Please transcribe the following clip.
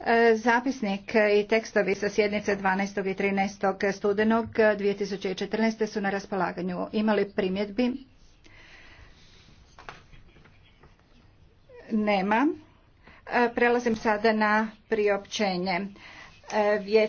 E, zapisnik i tekstovi sa sjednice 12. i 13. studenog 2014. su na raspolaganju. Imali primjedbi? Nema. E, prelazim sada na priopćenje. E,